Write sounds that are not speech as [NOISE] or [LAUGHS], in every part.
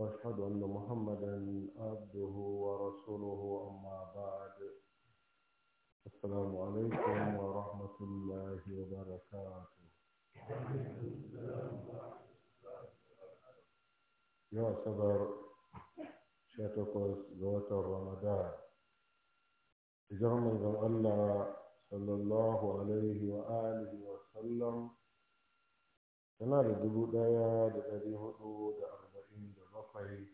واشهد ان محمدا عبده ورسوله اما بعد السلام عليكم ورحمه الله وبركاته يا صبر شاتوكوس جوات رمضان جرم الله صلى الله عليه واله وسلم سنة da dubu ɗaya bakwai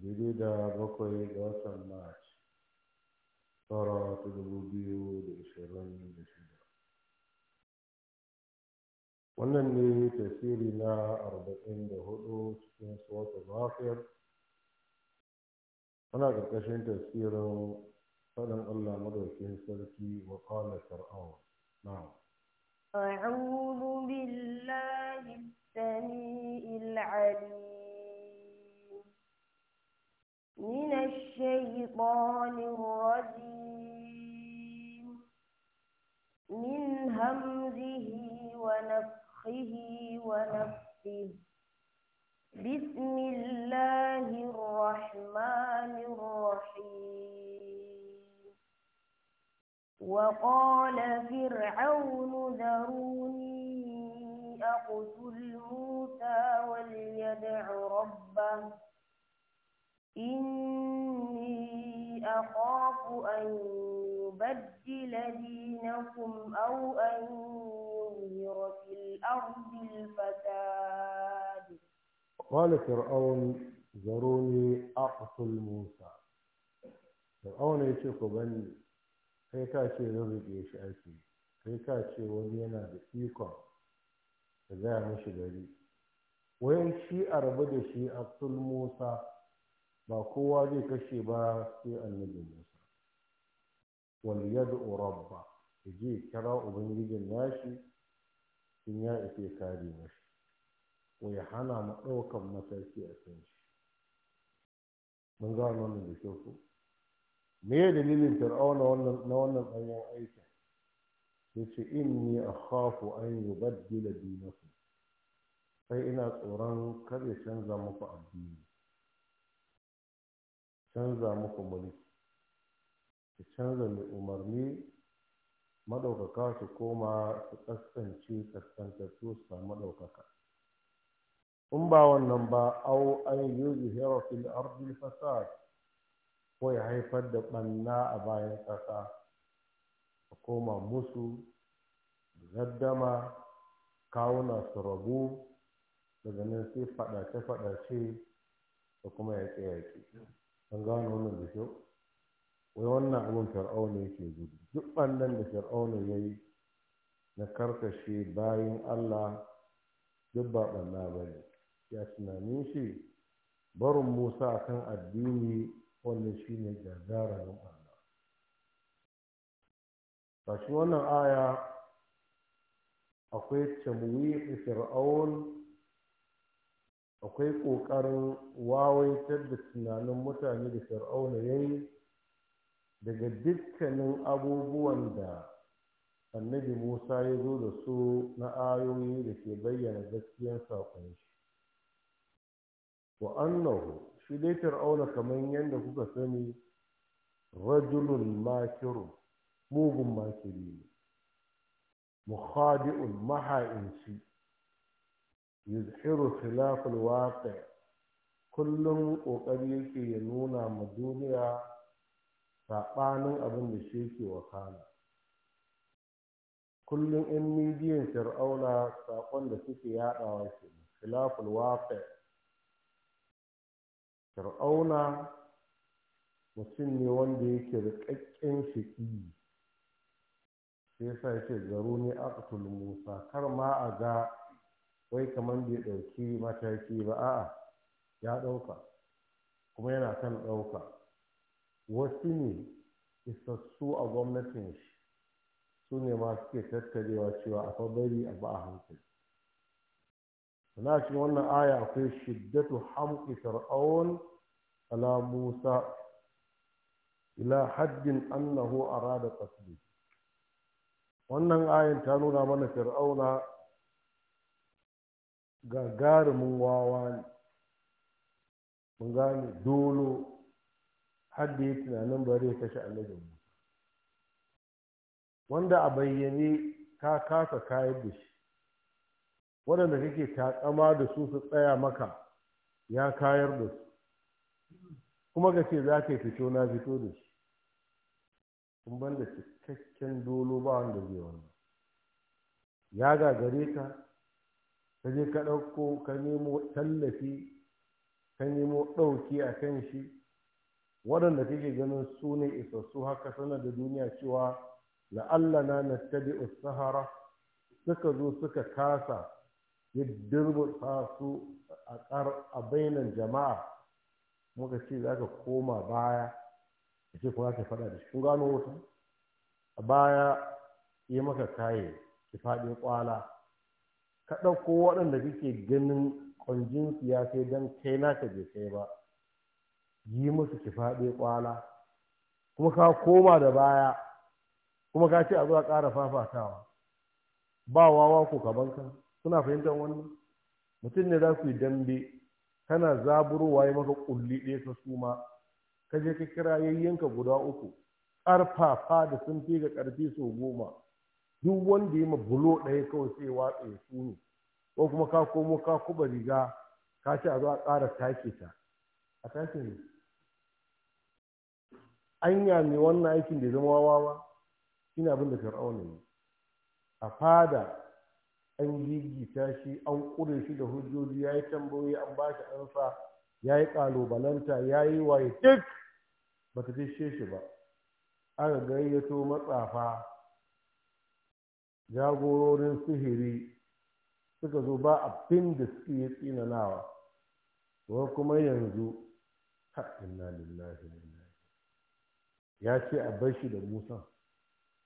daidai da bakwai ga watan march tara ta dubu biyu da ishirin da shida wannan ne tasiri na arba'in da hudu cikin suwata zafiyar ana ƙarƙashin tasirin فلم الله مدرك سلكي وقال فرعون نعم أعوذ بالله السميع العليم من الشيطان الرجيم من همزه ونفخه ونفسه بسم الله الرحمن الرحيم وقال فرعون ذروني أقتل موسى وليدع ربه إني أخاف أن يبدل دينكم أو أن يظهر في الأرض الفساد قال فرعون zaruni aqtul musa fir'auna ya ce ku bani kai ka ce rurrube shi aiki? kai ka ce wani yana da ikon da zai mashi gari wayan shi a rabu da shi aqtul musa ba kowa zai kashe ba sai annabi Musa wal yad'u rabba je kira ubangijin nashi in ya ife kare mashi ko ya hana mu ɗaukan mataki a kan mun gano wannan da kyau ko me ya dalilin fir'auna na wannan ɗanyen aikin yace inni akhafu an yubaddila dinakum sai ina tsoron kar ya canza muku addini canza muku mulki ki canza mai umarni maɗaukaka su koma su ƙasƙance ƙasƙantattu su samu ɗaukaka in ba wannan ba au an yi zuhera fil ardi fasad ko ya haifar da ɓanna a bayan ƙasa a koma musu gaddama kawuna su rabu daga nan sai faɗace-faɗace da kuma yaƙe-yaƙe an gano wannan da kyau wai wannan abin fir'auna yake gudu duk ɓannan da fir'auna ya yi na karkashe bayan allah duk ba ɓanna ba ne ya tunanin shi barin musa a kan addini wanda shi ne gagarumin ɓanna shi wannan aya akwai da fir'aun akwai ƙoƙarin wawaitar da tunanin mutane da fir'auna ya yi daga dukkanin abubuwan da annabi musa ya zo da su na ayoyi da ke bayyana gaskiyar saƙon shi wa annahu shi dai sharauna kamar yadda kuka sani rajulun makiru mugun makiri ne muhadi'un maha'inci yuzhiru khilaful kullum kokari yake ya nuna ma duniya saɓanin abin da shi yake wakana kullum 'yan midiyan fir'auna saƙon da suke yaɗawa ke khilaful waqi fir'auna mutum ne wanda yake rikakken shiƙi sai sa yake garo ne aqtul musa kar ma a ga wai kamar bai ɗauki mataki ba a'a ya ɗauka kuma yana kan ɗauka wasu ne isassu a gwamnatin shi su ne ma suke tattarewa cewa a fa bari a ba a hankali na shi wannan aya akwai shiddatu hamki fir'aun ala musa ila haddin annahu arada qasdi wannan ayin ta nuna mana fir'auna gagarumin wawa ne mun gane dolo har da ya tunanin bari ya kashe annabin mu wanda a bayyane ka kasa kayan da shi waɗanda kake takama da su su tsaya maka ya kayar da su kuma ka ce za ka yi fito na fito da shi kun ban da cikakken dolo ba wanda zai wannan ya gagare ka ka je ka ɗauko ka nemo tallafi ka nemo ɗauki a kan shi waɗanda kake ganin su ne isassu haka sanar da duniya cewa Allah na na tabi sahara suka zo suka kasa ya durbusa su a bainan jama'a muka ce za ka koma baya a ce kuma ka faɗa da shi gano wuta a baya ya maka kaye ki faɗi kwala ka ɗauko waɗanda kake ganin ƙwanjin ya kai don kai naka bai kai ba yi musu ki faɗe ƙwala kuma ka koma da baya kuma ka ce a zuwa ƙara fafatawa ba wawa ko kaban ka suna fahimtar wani? mutum ne za ku yi dambe kana zaburowa ya maka ƙulli ɗaya ka suma ka je ka kira yayyanka guda uku ƙarfafa da sun fi ga ƙarfi sau goma duk wanda ya ma bulo ɗaya kawai sai watsa ya sune ko kuma ka komo ka kuba riga ka ce a zo a ƙara take ta a take ne anya mai wannan aikin da zama wawa ba shine abin da ne a fada an gigita shi an ƙure shi da hujjoji ya yi tambayoyi an ba shi ansa ya yi ƙalubalanta ya yi waye duk ba ta shi ba aka gayyato matsafa jagororin sihiri suka zo ba abin da suke yi tsinanawa wa kuma yanzu inna lillahi ya ce a bar shi da musa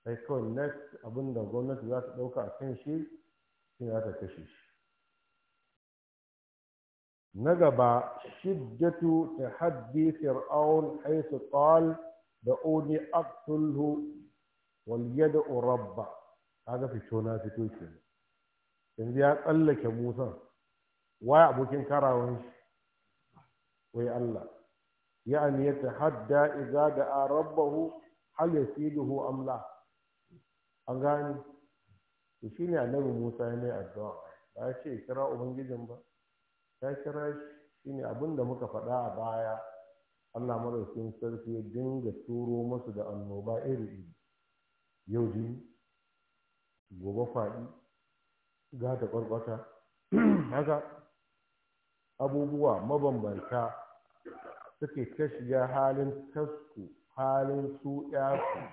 sai kawai next abin da gwamnati za ta ɗauka a kan shi shi za ta kashe shi na gaba shiddatu ta haddi fir'aun haisu da Oni aqtulhu wal yad'u rabba kaga fito na fito ke yanzu ya tsallake musa waya abokin karawan shi wai allah an ya hadda idza a rabbahu hal yasiduhu amla an gani to ne annabi musa ya mai addu'a ba ya ce kira ubangijin ba ya kira shi ne abin da muka faɗa a baya Allah madaukin sarki ya dinga turo masu da annoba iri iri yau jini gobe faɗi za ta ƙwarƙwata [CLEARS THROAT] haka abubuwa mabambanta suke ta shiga halin tasku halin su su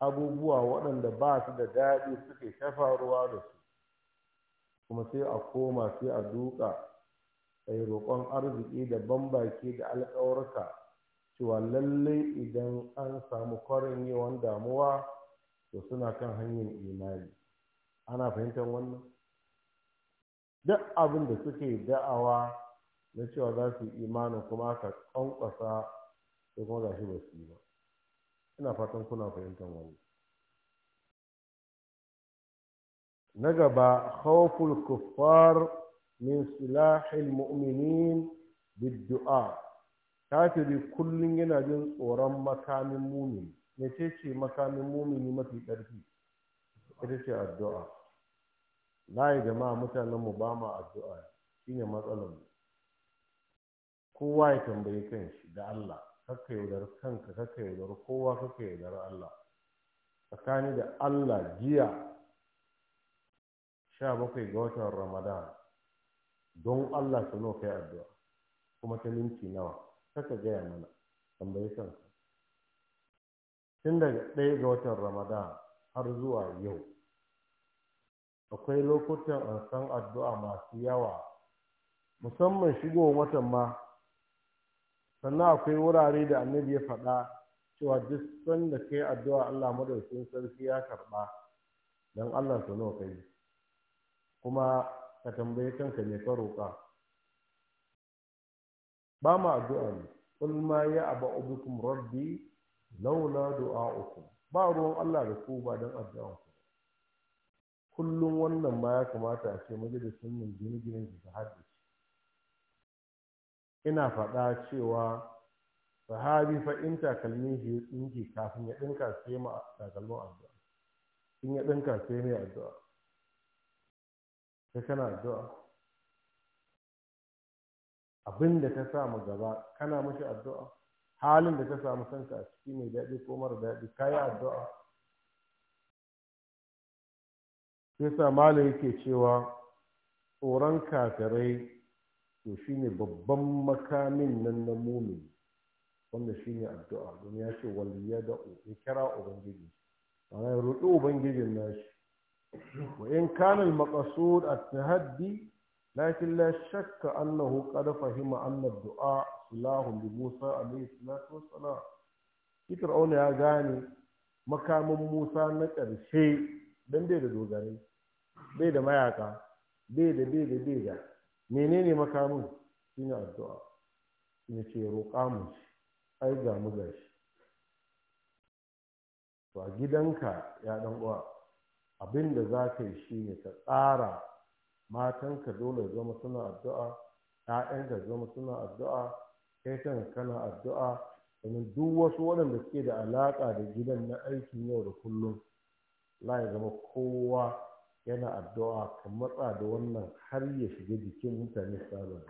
abubuwa waɗanda ba su da daɗi suke ta faruwa da su kuma sai a koma sai a duka a roƙon arziki da bambaki da alƙawarka cewa lallai idan an samu kwarin yawan damuwa to suna kan hanyar imani ana fahimtar wannan duk abin da suke da'awa na cewa za su yi imanin kuma aka ƙwanƙwasa sai kuma gashi ba su yi ba ina fatan kuna fahimtar wannan na gaba khawful kuffar min silahil mu'minin biddu'a kafiri kullum yana jin tsoron makamin mumini mece ce makamin mumini mafi ƙarfi ita ce addu'a layi jama'a mutanen mu ba ma addu'a shine matsalar mu kowa ya tambayi kanshi da Allah kakka yaudar kanka kakka yaudar kowa kakka yaudar Allah tsakani da Allah jiya sha bakwai ga watan Ramadan don Allah su nawa kai addu'a kuma ta minti nawa kaka gaya mana tambayi kanka tun daga ɗaya ga watan Ramadan har zuwa yau akwai lokutan ansan addu'a masu yawa musamman shigo watan ma sannan akwai wurare da annabi ya faɗa cewa duk sanda kai addu'a Allah madaukin sarki ya karɓa don Allah su kai kuma ka tambaye kanka ne ka roƙa ba ma addu'a ne kul ma aba ubukum rabbi laula du'a'ukum ba ruwan Allah da ku ba don addu'a kullum wannan ma ya kamata a ce majalisun mai gine-ginen su su haddace ina faɗa cewa sahabi fa in takalmi shi ya kafin ya ɗinka sai ma takalmin addu'a in ya ɗinka sai mai addu'a sai kana addu'a abin da ka samu gaba kana mashi addu'a halin da ka samu kanka a ciki mai daɗi ko mara daɗi ka yi addu'a sai sa malam yake cewa tsoron kafirai to shine babban makamin nan na mumin, wanda shine addu'a don ya ce waliya da ya kira ubangiji ana rudu ubangijin nashi wa in kana al-maqsud at-tahaddi lakin la shakka annahu qad fahima anna dua silahu li Musa alayhi salatu wassalam auna ya gane makamin Musa na ƙarshe dan bai da dogarai bai da mayaka bai da bai da bai da menene makamin shine addu'a ya ce roƙa mu ai ga mu gashi to a gidanka ya dan uwa abin da za ka yi shine ka tsara matanka dole zama suna addu'a ‘ya'yanka zama suna addu'a kai kan kana addu'a domin duk wasu waɗanda suke da alaƙa da gidan na aikin yau da kullum la ya zama kowa yana addu'a ka matsa da wannan har ya shiga jikin mutane sabon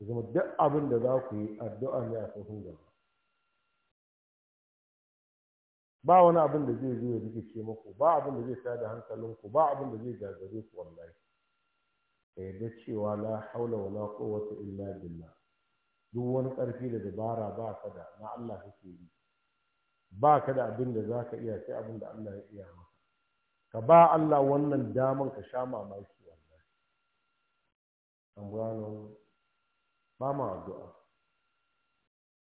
zama duk abin da za ku yi addu'a ne a sahun gaba ba wani abin da zai zo ya rikice muku ba abin da zai sa da hankalinku ba abin da zai gagare ku wallahi ka yarda cewa la haula wa la quwwata illa billah duk wani ƙarfi da dabara ba ka da na Allah kake yi ba ka da abin da zaka iya sai abin da Allah ya iya ka ba Allah wannan daman ka sha mamaki wannan. an gano ba ma addu'a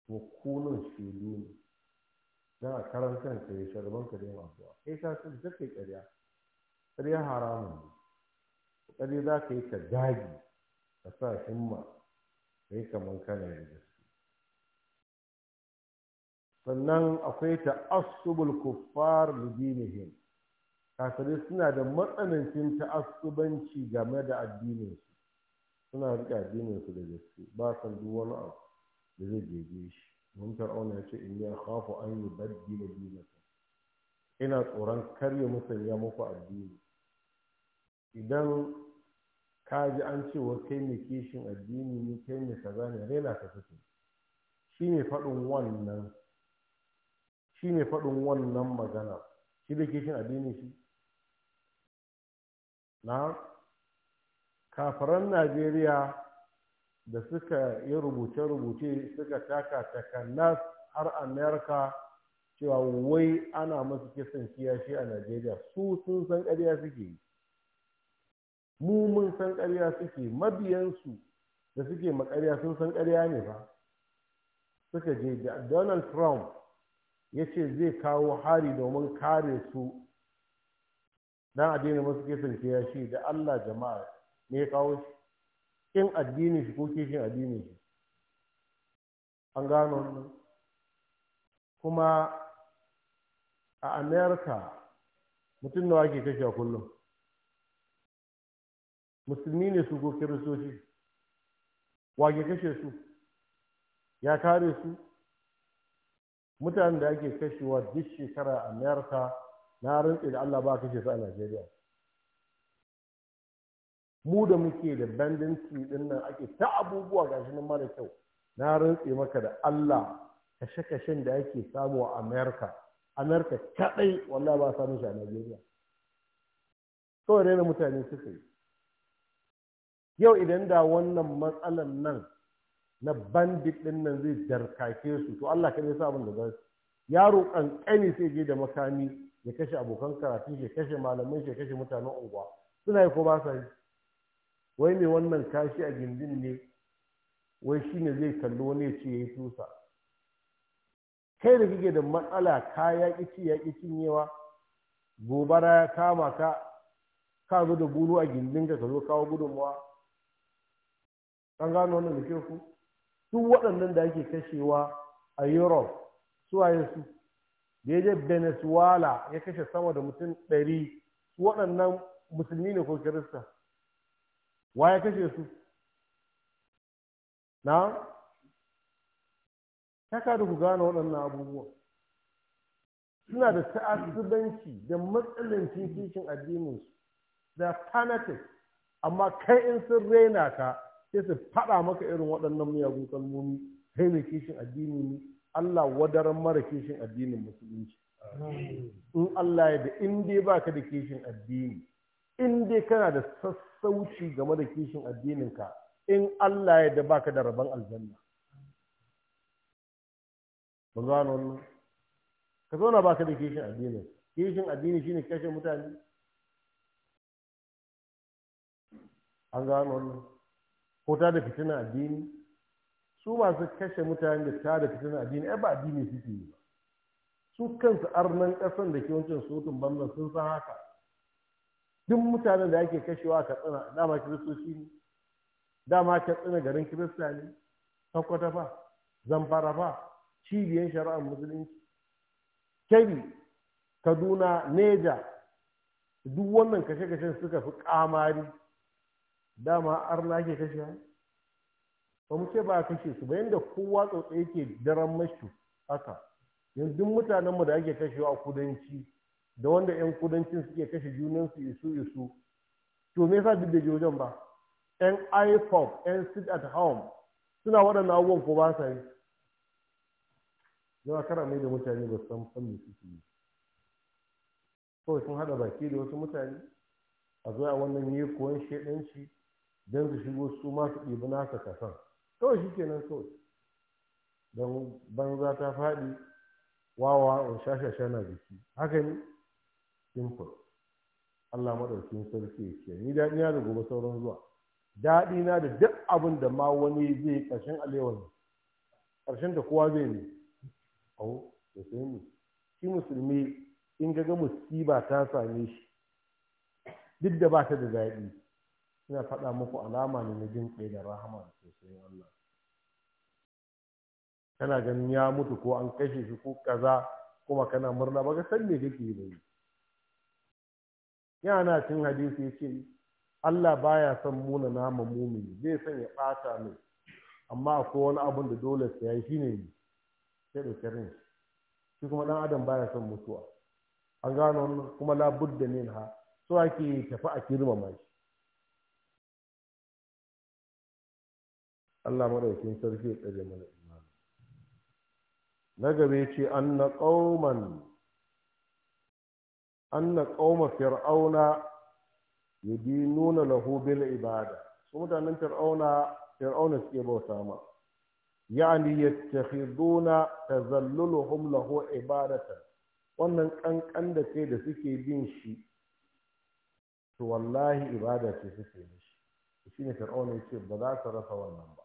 ko kunun shelu ne dan a karan ka yi sharban ka dai addu'a kai ka san da kai ƙarya ƙarya haramun ne ƙarya za ka yi ka dagi ka sa himma ka yi kaman kana gaske. sannan akwai ta asubul kuffar lidinihim kafirai suna da matsanancin ta'assubanci game da addininsu suna riƙe addininsu da gaske ba san duk wani abu da zai jeje shi mun auna ya ce in ya khafu an yi baddi da dinaka ina tsoron karya musanya muku addini idan ka ji an cewa kai ne kishin addini ne kai mai kaza ne raina ka fito shi ne faɗin wannan shi ne faɗin wannan magana shi da kishin addini shi na kafiran najeriya da suka yi rubuce-rubuce suka taka takannas har amerika cewa wai ana masu kisan kiyashi a najeriya su sun san ƙarya suke yi mu mun san ƙarya suke mabiyansu da suke makarya sun san ƙarya ne ba suka je donald trump ya ce zai kawo hari domin kare su dan addinin musu kasance ya shi da Allah jama'a ne ya kawo shi kin addini shi ko kishin addini shi an gano wannan kuma a amerika mutum nawa ke kashe kullum musulmi ne su ko kiristoci ke kashe su ya kare su mutanen da ake kashewa duk shekara a amerika na rantse da Allah ba kashe su a Najeriya mu da muke da bandanci din nan ake ta abubuwa gashi nan mara kyau na rantse maka da Allah kashe-kashen da ake samu a Amerika Amerika kaɗai wanda ba samun shi a Najeriya kawai da mutane suka yi yau idan da wannan matsalan nan na bandit din nan zai jarkake su to Allah kaɗai sa abin da za su yaro ƙanƙani sai je da makami ya kashe abokan karatu ya kashe malamai ya kashe mutanen unguwa suna yi ko ba sa yi wai mai wannan kashi a gindin ne wai shi ne zai kallo wani ya ce ya yi tusa kai da kike da matsala ka yaƙi ci yaƙi cinyewa gobara ya kama ka ka zo da bulu a gindin ka zo kawo gudunmuwa. an gano wannan da ku duk waɗannan da ake kashewa a europe su waye da ya venezuela ya kashe sama da mutum ɗari su waɗannan musulmi ne ko kirista wa ya kashe su na ta da ku gane waɗannan abubuwa suna da ta'asibanci da matsalin kishin addininsu da fanatic amma kai in sun raina ka sai su faɗa maka irin waɗannan miyagun kalmomi kai mai kishin addini ne Allah wadaran mara kishin addinin musulunci in Allah ya da in dai baka da kishin addini in dai kana da sassauci game da kishin addininka in Allah ya da baka da rabon aljanna ba gano wannan ka zauna baka da kishin addinin kishin addini shine kashe mutane an gano wannan ko ta da fitina addini su masu kashe mutane da tada fitina addini ai ba addini suke yi ba su kansu arnan ƙasan da ke wancan sotun bambam sun san haka duk mutanen da ake kashewa a katsina dama kiristoci ne dama katsina garin kirista ne takwata ba zamfara ba cibiyar shari'ar musulunci kebbi kaduna neja duk wannan kashe-kashen suka fi kamari dama arna ke kashewa ba mu ce ba a kashe su ba yadda kowa tsotsa yake daren mashi haka yanzu mutanenmu da ake kashewa a kudanci da wanda 'yan kudancin suke kashe junansu isu isu to me yasa duk da wajen ba 'yan ipop 'yan sit at home suna waɗannan abubuwan ko ba sa yi zama kara mai da mutane ba san san me suke yi kawai sun haɗa baki da wasu mutane a zuwa wannan yi kuwan shaidanci don su shigo su masu ɗibi nasa kasan kawai shi kenan kawai don banza ta faɗi wawa in shashasha na jiki haka ne simple Allah maɗaukin sarki ya ce ni daɗi na da gobe sauran zuwa daɗi na da duk abin da ma wani zai ƙarshen alewar ƙarshen da kowa zai ne au da sai ne shi musulmi in ga musiba ta same shi duk da ba ta da daɗi ina faɗa muku alama ne na jin kai da rahama da sosai Allah. kana ganin ya mutu ko an kashe shi ko kaza kuma kana murna ba ga san me kake yi bai yana cin hadisi yace Allah baya son muna nama mumini zai son ya bata mai amma akwai wani abun da dole sai ya shi ne sai da karin shi kuma dan adam baya son mutuwa an gano wannan kuma labudda ne ha so ake tafi a girmama shi Allah madaukin sarki ya tsare mana imani na gabe ce anna qauman anna qauma fir'auna nuna lahu bil ibada su mutanen fir'auna fir'auna suke bauta ma yani yattakhiduna tazalluluhum lahu ibadatan wannan kankan da da suke bin shi to wallahi ibada ce suke mishi shine fir'auna yace ba za ka rasa wannan ba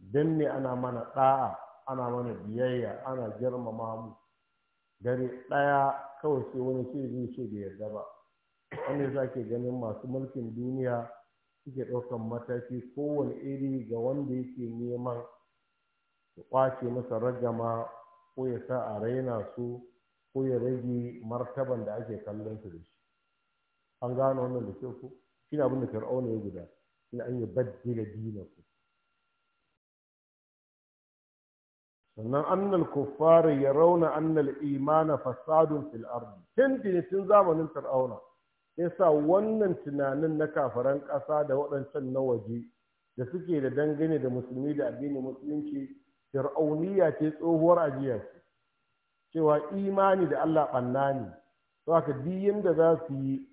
don ne ana mana ɗa'a ana mana biyayya ana girmama mu dare ɗaya kawai sai wani ce zai ce da yarda ba wanda za ke ganin masu mulkin duniya suke ɗaukan mataki kowane iri ga wanda yake neman ya ƙwace masa ragama ko ya sa a raina su ko ya rage martaban da ake kallon su da shi an gano wannan da kyau ko shi abin da fir'auna ya guda shi an yi baddila ku sannan annal kuffari ya rauna annal imana fasadun fil ardi tintini tun zamanin fir'auna yasa wannan tunanin na kafaran ƙasa da waɗancan na waje da suke da dangane da musulmi da addinin musulunci fir'auniya ce tsohuwar ajiya ce cewa imani da Allah ɓanna ne to haka duk yanda za su yi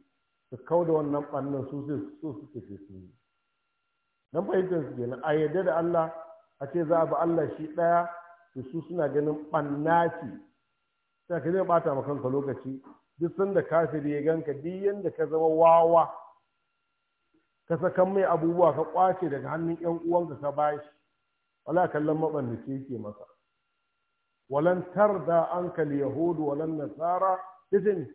su kau da wannan bannan su sai so su su yi dan fahimtar su kenan a yadda da Allah a ce za a bi Allah shi ɗaya to su suna ganin ɓanna ce sai ka zai bata ma kanka lokaci duk sanda kafiri ya ganka duk yanda ka zama wawa ka sakan mai abubuwa ka kwace daga hannun yan uwanka ka bashi wala kallon mabannace yake masa walan tarda ankal yahudu walan nasara izin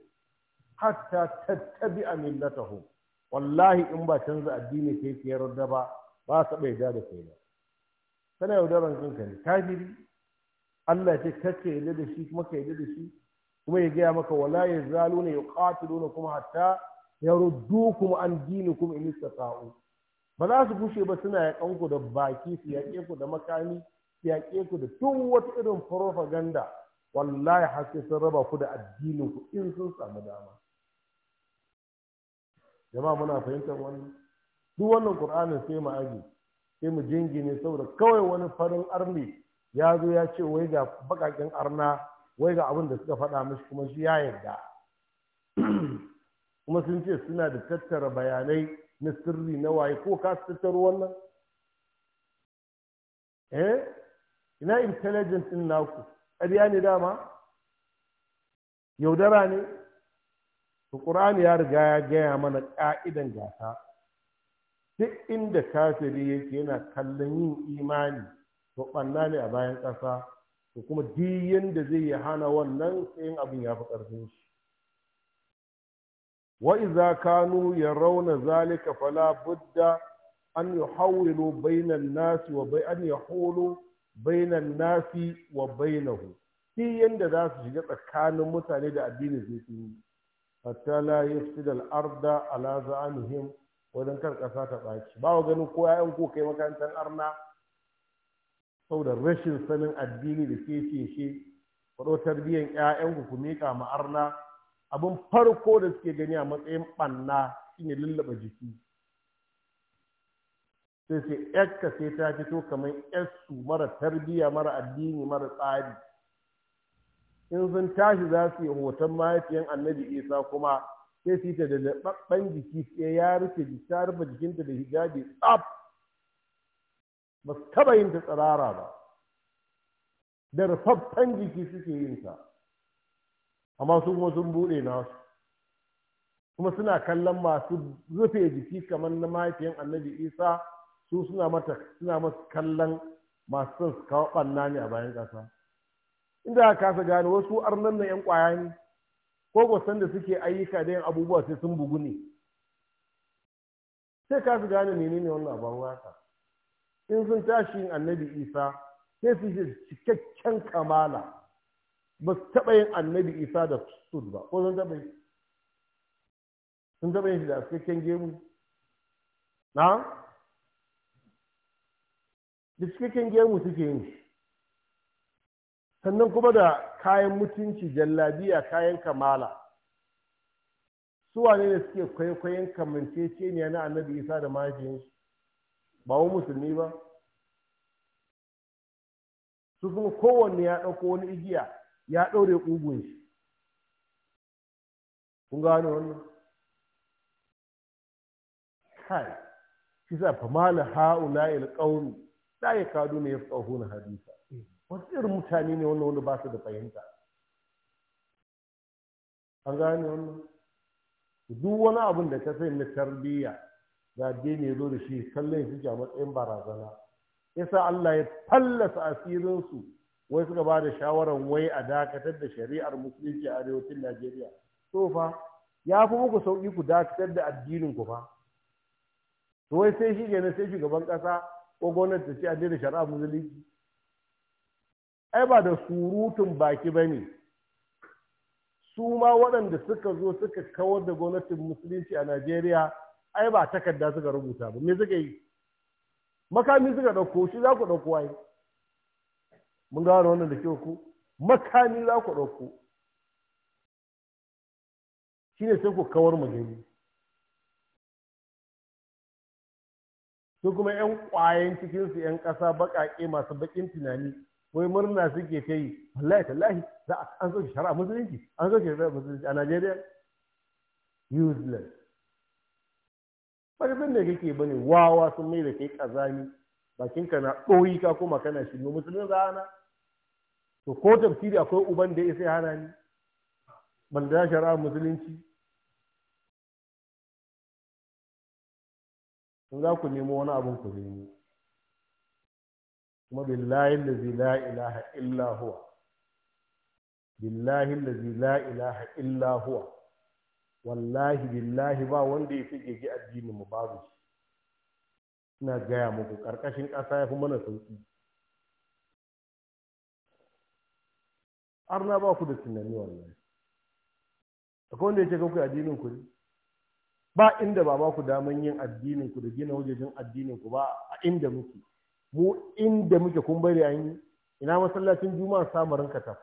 hatta tattabi a millatahum wallahi in ba canza addini ke ke yarda ba ba su bai da kai ba kana yaudaran kanka ne kafiri Allah ce kake yadda da shi kuma ka yadda da shi kuma ya gaya maka wala ya zalu ne ya qatiluna kuma hatta ya kuma an kuma in istata'u ba za su bushe ba suna yakan ku da baki su yaƙe ku da makami su yaƙe ku da duk wata irin propaganda wallahi haske sun raba ku da addinin ku in sun samu dama jama'a muna fahimtar wannan duk wannan qur'anin sai mu aji sai mu jingine saboda kawai wani farin arni ya zo ya ce wai ga bakakin arna wai ga abin da suka faɗa mashi kuma shi ya yarda kuma sun ce suna da tattara bayanai na sirri na waye ko ka tattaro wannan eh ina intelligence din naku ƙarya ne dama yaudara ne ƙur'ani ya riga ya gaya mana ƙa'idan gasa duk inda kafiri yake yana kallon yin imani to ɓanna ne a bayan ƙasa to kuma duk da zai yi hana wannan tsayin abin ya fi ƙarfin shi wa iza kanu rauna zalika fala budda an hawilo bainan nasi wa bai an holo bainan nasi wa bainahu duk yadda za su shiga tsakanin mutane da addini zai fi yi hatta la yafsid al arda ala za'anihim wajen kar ƙasa ta ɓaci ba ganin ko ya'yan ko kai makarantar arna saboda rashin sanin addini da ke ce shi faɗo tarbiyyar 'ya'yanku ku miƙa ma'arna abin farko da suke gani a matsayin ɓanna shine lullaba jiki sai sai sai ta fito kamar yarsu mara tarbiyya mara addini mara tsari in sun tashi za su yi hoton mahaifiyan annabi isa kuma sai su yi ta da jiki sai ya rufe jikinta da hijabi tsaf ba su taɓa yin ta tsirara ba da rufaffen jiki suke yin ta amma su kuma sun buɗe nasu kuma suna kallon masu rufe jiki kamar na mahaifiyan annabi isa su suna mata suna masu kallon masu son su kawo ɓanna ne a bayan ƙasa inda aka kasa gane wasu arnan na 'yan ƙwaya ne ko gwasan da suke ayyuka da yin abubuwa sai sun bugu ne sai kasa gane menene wannan abin haka in sun tashi yin annabi isa sai su yi cikakken kamala ba su taɓa yin annabi isa da sud ba ko sun taɓa yi sun taɓa yin shi da cikakken gemu na da cikakken gemu suke yin shi sannan kuma da kayan mutunci jallabiya kayan kamala su wane ne suke kwaikwayon ne na annabi isa da mahaifinsu ba wa musulmi ba su kuma kowanne ya ɗauko wani igiya ya ɗaure ƙugun shi kun gane wannan kai shi sa fa mala haula il da ya yakadu ne ya na hadisa wasu irin mutane ne wannan wanda ba su da fahimta an gane wannan duk wani abin da ka sai na tarbiyya da addini ya zo da shi kallon suke a matsayin barazana yasa Allah ya fallasa asirinsu wai suka ba da shawarar wai a dakatar da shari'ar musulunci a arewacin Najeriya to fa ya fi muku sauki ku dakatar da addinin ku fa to wai sai shi kenan sai shugaban ƙasa ko gwamnati ta ce a daina shari'ar musulunci ai ba da surutun baki ba ne su ma waɗanda suka zo suka kawar da gwamnatin musulunci a Najeriya ai ba takarda suka rubuta ba me suka yi makami suka ɗauko shi za ku ɗauko ai mun gano wannan da kyau ku makami za ku ɗauko shine sai ku kawar mu gani su kuma 'yan ƙwayen cikinsu 'yan ƙasa baƙaƙe masu baƙin tunani wai murna suke ta yi wallahi tallahi za an soke shari'a musulunci an soke shari'a musulunci a Najeriya useless wani da kake bane wawa sun mai da kai bakin bakinka na ɗoyi ka kuma kana shigo musulmin rana to ko tafsiri akwai uban da ya sai hana ni ban da shara musulunci in za ku nemo wani abin ku nemo kuma billahi allazi la ilaha illa huwa billahi allazi la ilaha illa huwa wallahi billahi ba wanda ya fi gege addinin mu babu shi ina gaya muku ƙarƙashin ƙasa ya fi mana sauki arna ba ku da tunani wallahi akwai wanda ya ce kawai addinin ku ba inda ba ba ku daman yin addinin ku da gina wajejin addinin ku ba a inda muke mu inda muke kun bari an yi ina masallacin juma'a samarin ranka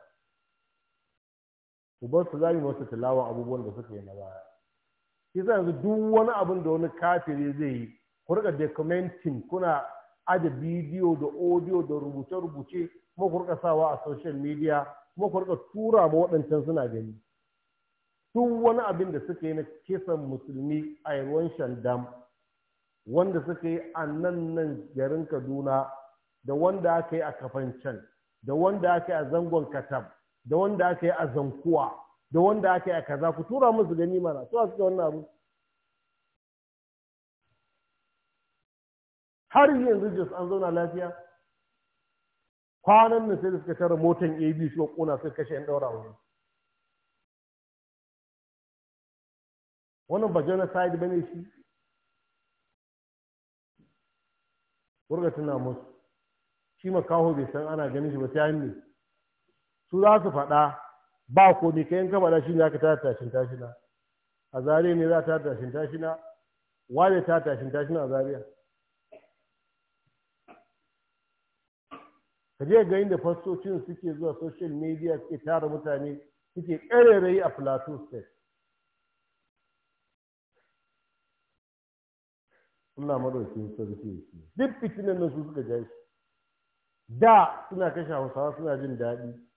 ku bar su zai masa tilawa abubuwan da suka yi na baya shi sa yanzu duk wani abin da wani kafiri zai yi ku rika documenting kuna aje bidiyo da audio da rubuce-rubuce kuma ku rika sawa a social media kuma ku rika tura ma waɗancan suna gani duk wani abin da suka yi na kisan musulmi a yawan shandam wanda suka yi a nan nan garin kaduna da wanda aka yi a kafancan da wanda aka yi a zangon katab da wanda aka yi a zankuwa da wanda aka yi a kaza ku tura musu gani mana su suke wannan abu har yanzu jos an zauna lafiya kwanan nan sai da suka tara motan ab suka kona suka kashe yan daura wani wannan ba genocide bane shi wurga namun, musu shi makaho bai san ana ganin shi ba sai hannu. su za su faɗa ba ko ne kayan kama na shi ne aka ta tashin tashina a zariya ne za ta tashin tashina wane ta tashin tashina a zariya ka je ga inda fastocin suke zuwa social media suke tara mutane suke ƙarerayi a plateau state Allah madaukin sarki duk fitinan nan su suka ja shi da suna kashe hausawa suna jin daɗi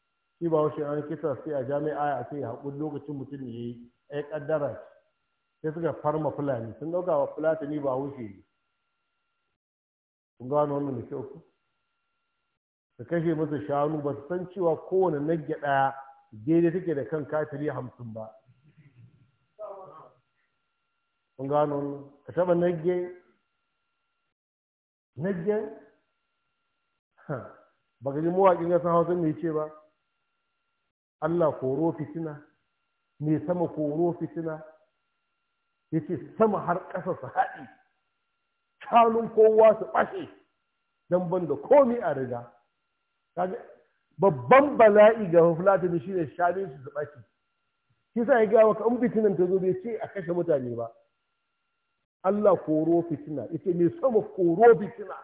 shi ba wasu an kisa sai a jami'a a sai haƙun lokacin mutum ya yi a yi ƙaddara sai suka farma fulani sun ɗauka wa fulatani ba wuce ne kun gano wannan da kyau su kashe musu shanu ba su san cewa kowane nagge ɗaya daidai take da kan katiri hamsin ba kun gano wannan ka taɓa nagge nagge ba ka ji mawaƙin san hausa ne ce ba Allah koro fitina mai sama koro fitina ya ce sama har ƙasa su haɗi shanun kowa su ɓashe don ban da komi a riga babban bala'i ga fulatani shi ne shanun su su ɓashe shi sa ya gawa ka in fitinan ta zo bai ce a kashe mutane ba Allah koro fitina ya ce mai sama koro fitina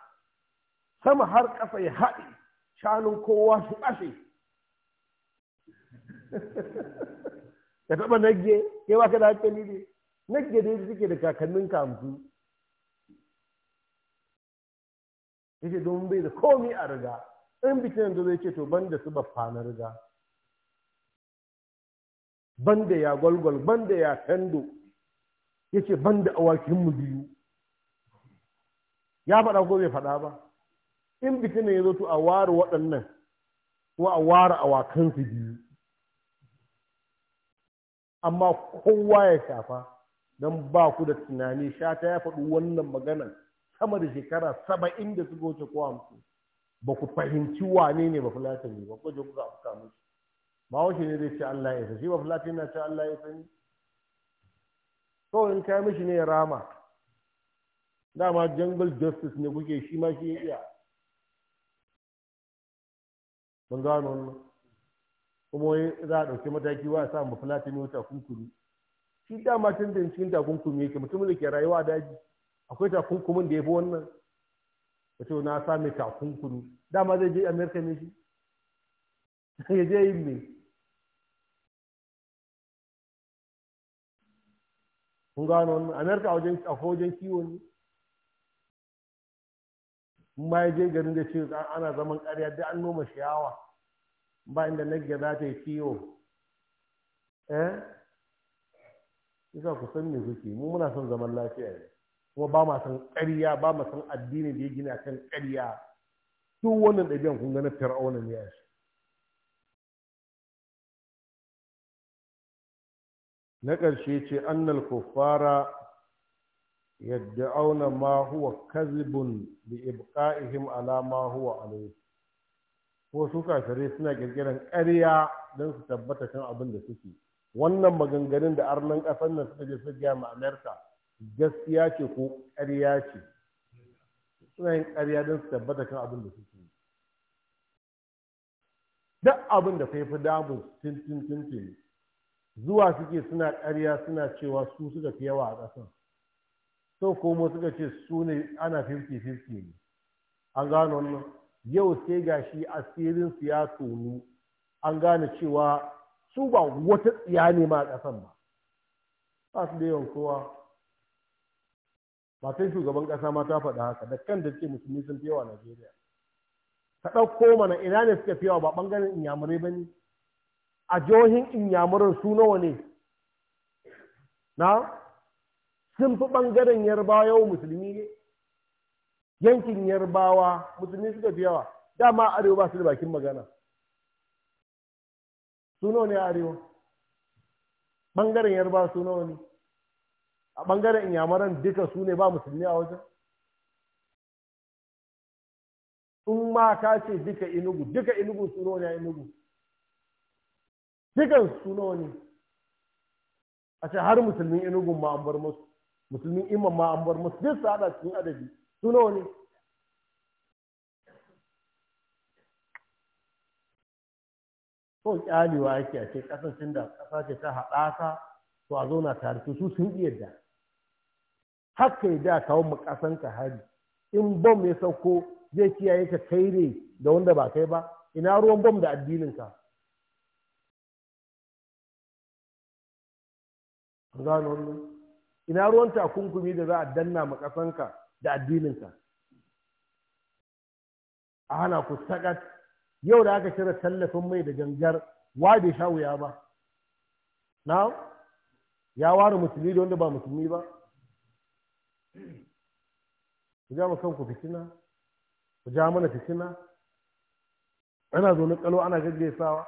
sama har ƙasa ya haɗi shanun kowa su ɓashe ka taɓa nagge ke ba ka da hankali ne nagge dai suke da kakannin kamfu ce domin bai da komi a riga in bikin yanzu zai ce to ban da su baffa na riga ban da ya gwalgwal ban da ya tando ce ban da awakinmu biyu ya faɗa ko bai faɗa ba in bikin ya zo to a ware waɗannan ko a ware awakansu biyu amma kowa ya shafa don ba ku da tunani shata ya faɗi wannan magana sama da shekara saba'in da suka wuce ko hamsin ba ku fahimci wane ne ba fulatani ba ko je kuka afka musu ba wace ne zai ce Allah ya sani shi ba fulatani na ce Allah ya sani kawai in kai mishi ne rama dama jungle justice ne kuke shi ma shi ya iya Ban gano wannan kuma za a ɗauki mataki wa sa mu fulatani wata takunkumi shi dama tun da cikin takunkumi yake mutumin da ke rayuwa a daji akwai takunkumin da ya fi wannan mutum na sa mai takunkumi dama zai je amerika ne shi [LAUGHS] ya je yin ne kun gano wannan amerika a wajen kiwo ne ma ya je garin da ce ana zaman ƙarya da an noma shayawa ba inda nagge za ta yi ciwo e eh isa ku san me kuke mu muna son zaman lafiya ne kuma ba ma san ƙarya ba ma san addini da ya gina kan ƙarya duk wannan ɗabi'an kun ga na fir'auna ne yashi na ƙarshe ce annal kuffara yadda auna ma huwa kazibun bi ibqa'ihim ala ma huwa alayhi wasu kafirai suna kirkiran ƙarya don su tabbata kan abin da suke wannan maganganun da arnan ƙasar nan suka je su gaya ma amerika gaskiya ce ko ƙarya ce suna yin ƙarya don su tabbata kan abin da suke duk abin da kai fi damun tintin tintin zuwa suke suna ƙarya suna cewa su suka fi yawa a ƙasar. sau komo suka ce su ne ana 50-50 ne an gano wannan yau sai gashi asirin su ya tonu an gane cewa su ba wata tsiya ne ma a ƙasan ba ba su da yawan kowa matan shugaban kasa ma ta faɗa haka da kan da ce musulmi sun fi yawa najeriya ta ɗauko mana ina ne suka fi ba ɓangaren inyamurai ba ne a jihohin inyamuran su nawa ne na sun fi ɓangaren yarbawa yau musulmi ne yankin yarbawa musulmi suka fi yawa dama arewa ba su da bakin magana suno ne arewa ɓangaren yarbawa suno ne a ɓangaren inyamuran duka su ne ba musulmi a wajen in ma ka ce duka inugu duka inugu suno ne a inugu dukan suno ne a ce har musulmin inugun ma an bar musu musulmin imam ma an bar musu duk su haɗa cikin adadi su nawa ko kyalewa yake a ce ƙasar sun da ƙasa ce ta haɗaka to a zauna tare su sun iya da haka ya da kawo mu ƙasan ka hari in bom ya sauko zai kiyaye ka kai ne da wanda ba kai ba ina ruwan bom da addinin ina ruwan takunkumi da za a danna ma ƙasanka da addininka a hana ku sakat yau da aka cire tallafin mai da gangar wa bai sha wuya ba na ya ware musulmi da wanda ba musulmi ba ku ja ku fitina ku ja mana fitina ana zo na kalo ana gaggaisawa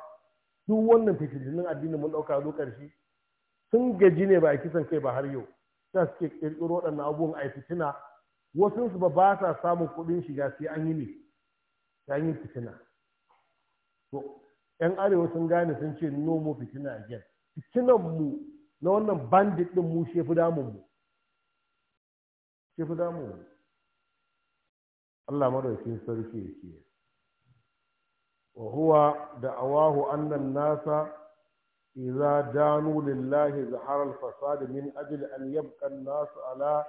duk wannan fitilinin addinin mun ɗauka zo ƙarshe sun gaji ne ba a kisan kai ba har yau sai suke ƙirƙiro waɗannan abubuwan a fitina wasu su ba ba sa samun kuɗin shiga sai an yi ne sai an yi fitina to yan arewa sun gane sun ce no mu fitina again fitinan mu na wannan bandit din mu fi damun mu fi damun mu Allah madaukakin sarki yake wa huwa awahu annan nasa idza danu lillahi zahara al-fasad min ajli an yabqa an-nas ala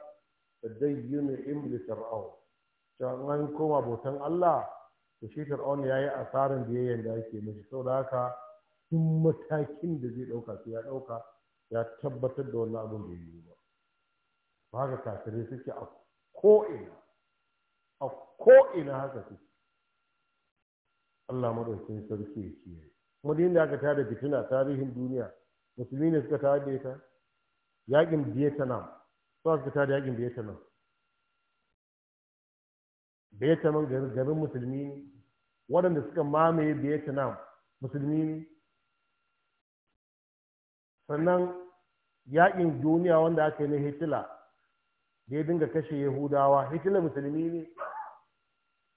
da zayyunu imli fir'aun cewa an koma bautan Allah to shi fir'aun ya yi asarar yayin da ake mashi da haka tun matakin da zai ɗauka sai ya ɗauka ya tabbatar da wannan abin da yi ba ba haka kafirai suke a ko'ina a ko'ina haka suke Allah maɗaukin sarki ya kiyaye kuma da aka tada fitina tarihin duniya musulmi ne suka tada ta yakin vietnam su aka tada yakin Vietnam Vietnam garin musulmi ne waɗanda suka mamaye Vietnam musulmi ne sannan yakin duniya wanda aka yi na Hitler da ya dinga kashe Yahudawa Hitler musulmi ne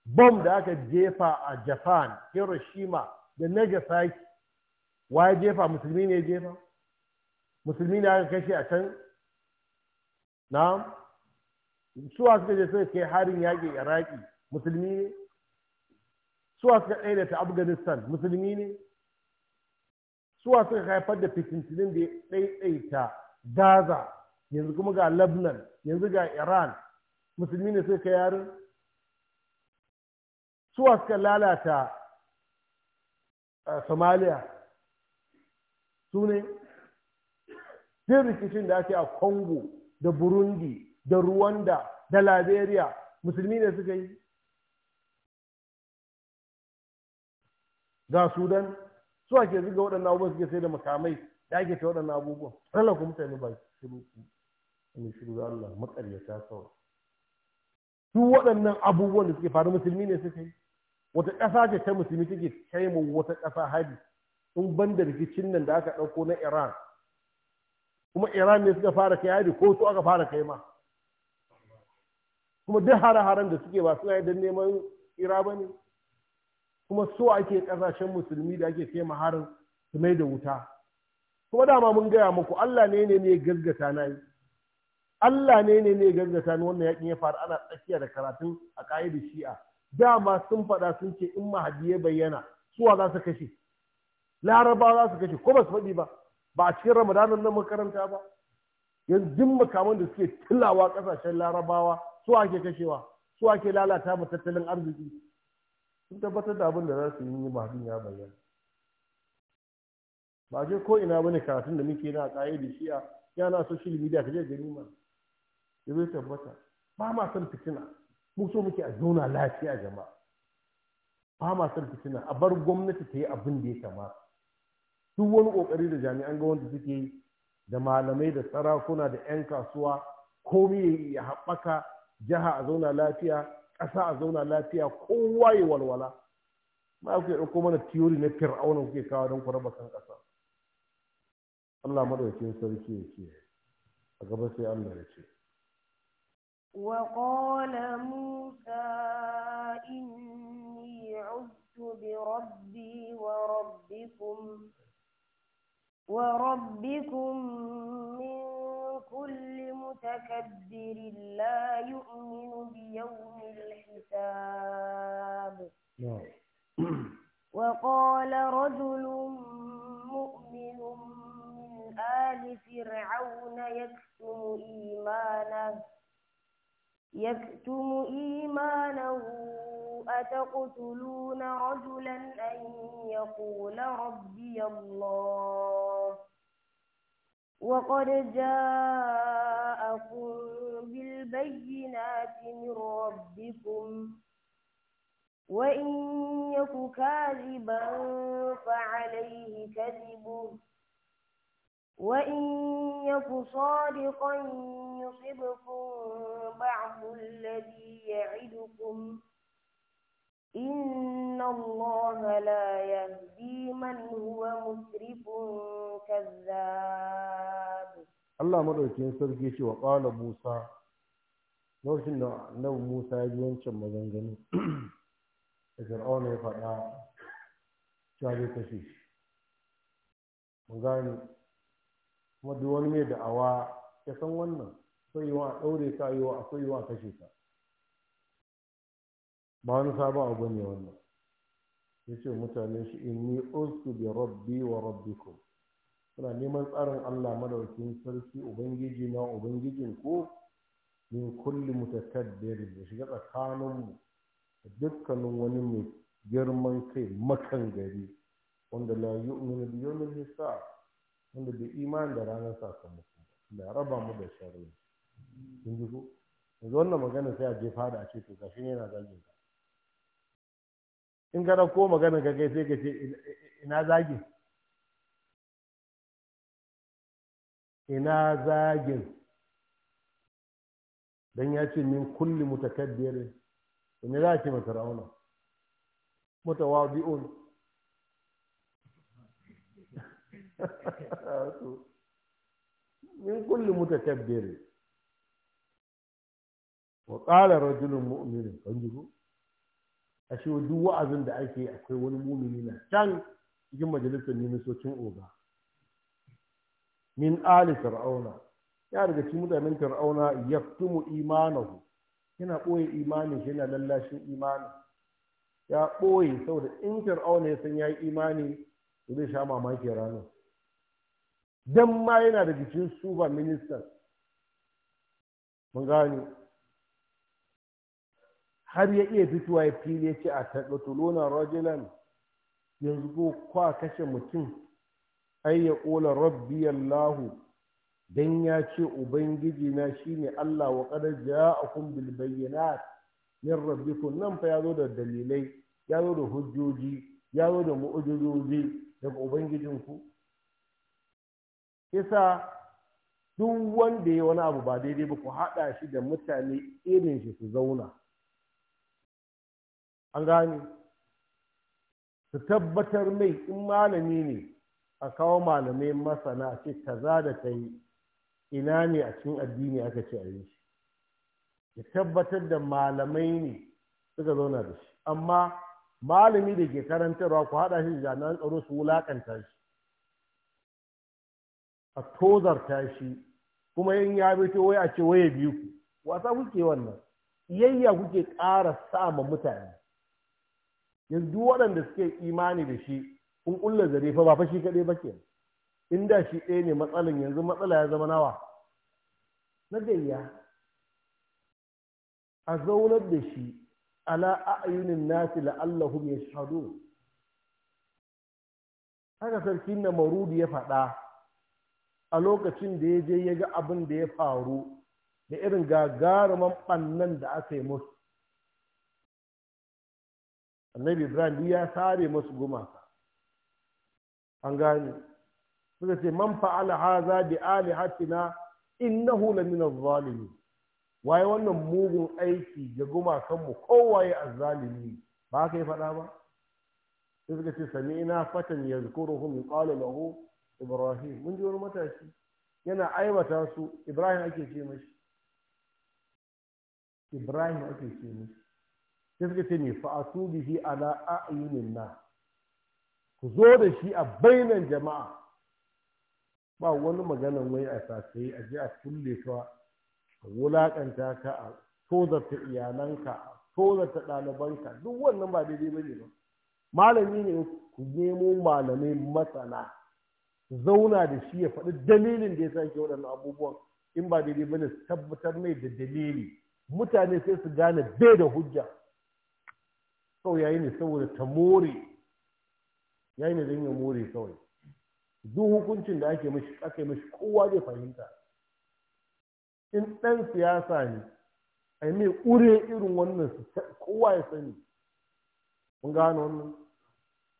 bom da aka jefa a Japan Hiroshima da Nagasaki wa ya jefa musulmi ne ya jefa musulmi ne aka kashe a can na'am suwa suka je suka kai harin yaƙi iraki musulmi ne suwa suka ɗaiɗata afghanistan musulmi ne suwa suka haifar da fitintinin da ya ɗaiɗaita gaza yanzu kuma ga lebanon yanzu ga iran musulmi ne suka kai yarin suwa suka lalata eh, somalia su ne rikicin da ake a congo da burundi da rwanda da liberia musulmi ne suka yi ga sudan su ake zuga waɗannan abubuwan suke sai da makamai da ake ta waɗannan abubuwan rala ku mutane ba shiru ku ne shiru da Allah makaryata kawai su waɗannan abubuwan da suke faru musulmi ne suka yi wata ƙasa ce ta musulmi take kai mu wata ƙasa hari in ban da rikicin nan da aka ɗauko na Iran kuma iran ne suka fara kai hari ko su aka fara kai ma kuma duk hare-haren da suke ba suna yi don neman ira ba ne kuma so ake kasashen musulmi da ake kai maharin su mai da wuta kuma dama mun gaya muku allah ne ne ne gaggata na yi allah ne ne ne gaggata ni wannan yakin ya faru ana tsakiya da karatun a ka'idar shi'a dama sun faɗa sun ce in mahadi ya bayyana suwa za su kashe larabawa za su kashe ko ba su faɗi ba ba a cikin ramadanin nan makaranta ba yanzu makaman da suke tilawa kasashen larabawa su ake kashewa su ake lalata ma tattalin arziki sun tabbatar da abin da za su yi ma abin ya bayyana ba je ko ina bane karatun da muke na tsaye da ya yana social media ka je gani ma ya bai tabbata ba ma san fitina mu so muke a zauna lafiya jama'a ba ma san fitina a bar gwamnati ta yi abin da ya kamata duk wani kokari da jami'an gwamnati suke da malamai da sarakuna da 'yan kasuwa komi ya haɓaka jiha a zauna lafiya ƙasa a zauna lafiya kowa ya walwala ma kuke ɗauko mana tiyori na fir'auna kuke kawo don ku raba kan ƙasa Allah madaukakin sarki ya ce a gaba sai Allah ya ce Musa inni موسى bi rabbi wa rabbikum وربكم من كل متكبر لا يؤمن بيوم الحساب نعم. وقال رجل مؤمن من آل فرعون يكتم إيمانه يكتم إيمانه أتقتلون رجلا أن يقول ربي الله وقد جاءكم بالبينات من ربكم وإن يك كاذبا فعليه كذبه وإن يك صادقا يصبكم بعض الذي يعدكم إن Allah madaukakin sarki cewa wa ƙala Musa lokacin da annabi Musa ya ji wancan maganganu da Fir'auna ya faɗa cewa zai shi. Mun gane kuma duk wani mai da'awa ya san wannan sai yiwa a ɗaure ka yiwa akwai yiwa a kashe ta. ba wani sabon abu ne wannan ya ce mutane shi ni ustu bi rabbi wa ko. suna neman tsarin Allah madaukin sarki ubangiji na ubangijin ko min kulli mutakabbirin da shiga tsakaninmu da dukkanin wani mai girman kai makan gari wanda la yu'minu bi yawmil hisab wanda bai iman da ranar sakamako da raba mu da sharri kun ji ko yanzu wannan magana sai a jefa da a ce to gashi ne yana zagin ka in ka ko magana ka kai sai ka ce ina zagin ina zagin dan ya ce min kulli mutakabbirin ne me za a ce ma fir'auna mutawadi'un [LAUGHS] min kulli mutakabbir wa qala rajulun mu'min kan jigo ashe duk wa'azin da ake akwai wani mumini na can cikin majalisar ministocin oga min ali fir'auna ya daga cikin mutanen fir'auna yaktumu imanahu yana ɓoye imanin shi yana lallashin imanin ya ɓoye saboda in fir'auna ya san ya yi imani zai sha mamaki ranar don ma yana da jikin super minister mun gane har ya iya fitowa ya fili ya ce a taɓatulona rajulan yanzu ko kwa kashe mutum ai ya ƙola rabbi allahu don ya ce ubangiji na shine allah wa ƙadar a kun bilbayyana min rabbikum nan fa ya zo da dalilai ya zo da hujjoji ya zo da mu'ujizoji daga ubangijinku yasa duk wanda ya wani abu ba daidai ba ku haɗa shi da mutane irin shi su zauna an gane su tabbatar mai in malami ne a kawo malamai masana ce kaza da ta yi ina ne a cikin addini aka ce a yi shi ya tabbatar da malamai ne suka zauna da shi amma malami da ke karantarwa ku haɗa shi da jami'an tsaro su wulaƙanta shi a tozarta shi kuma in ya bito wai a ce waye biyu ku wasa kuke wannan iyayya kuke ƙara sa mutane yanzu waɗanda suke imani da shi kun ƙulla zare fa ba fa shi kaɗai ba ke in da shi ɗaya ne matsalin yanzu matsala ya zama nawa na gayya a zaunar da shi ala a'yunin nasi la'allahum yashhadun haka sarki na marudi ya faɗa a lokacin da ya je ya ga abin da ya faru da irin gagaruman ɓannan da aka yi musu annabi ibrahim ya sare musu gumaka an gane suka ce man fa'ala haza bi alihatina innahu lamina zalimi waye wannan mugun aiki ga gumakanmu kowaye azzalimi ba ka yi fada ba sai suka ce ina fatan yazkuruhum qala lahu ibrahim mun ji wani matashi yana aibata su ibrahim ake ce mashi ibrahim ake ce mashi sai suka ce ne fa'asu bihi ala a'yunin na ku zo da shi a bainan jama'a ba wani maganan wai a sasai a ji a kulle ka a wulaƙanta ka a tozarta iyalanka a tozarta ɗalibanka duk wannan ba daidai bane ba malami ne ku nemo malamai masana zauna da shi ya faɗi dalilin da ya sake waɗannan abubuwan in ba daidai bane su tabbatar mai da dalili mutane sai su gane bai da hujja kawai yayi ne saboda ta more yayi ne don ya more kawai duk hukuncin da ake mashi aka yi mashi kowa zai fahimta in ɗan siyasa ne a mai ƙure irin wannan kowa ya sani mun gano wannan